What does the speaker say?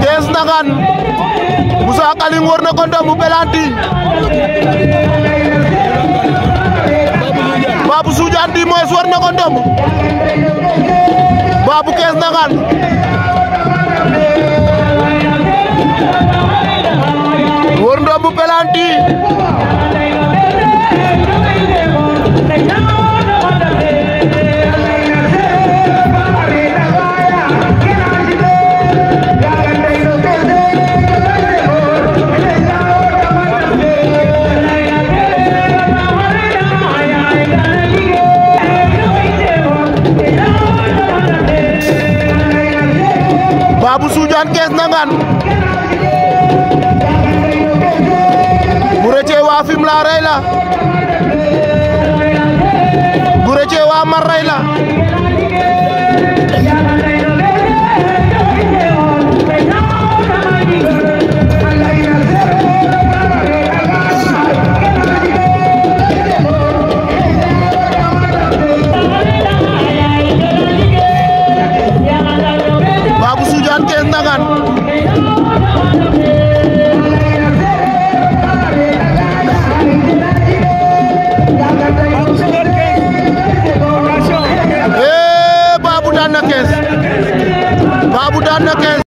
Thiès Ndangane Moussa Kaling war na ko ndombu pelanti Babou Soudiane di moos na ko ndombu Babou Thiès Ndangane war ndombu pelanti Babou Soudiane Kees Ndangaan bu rëccee waa Fimela rey la Babou daan na kees Babou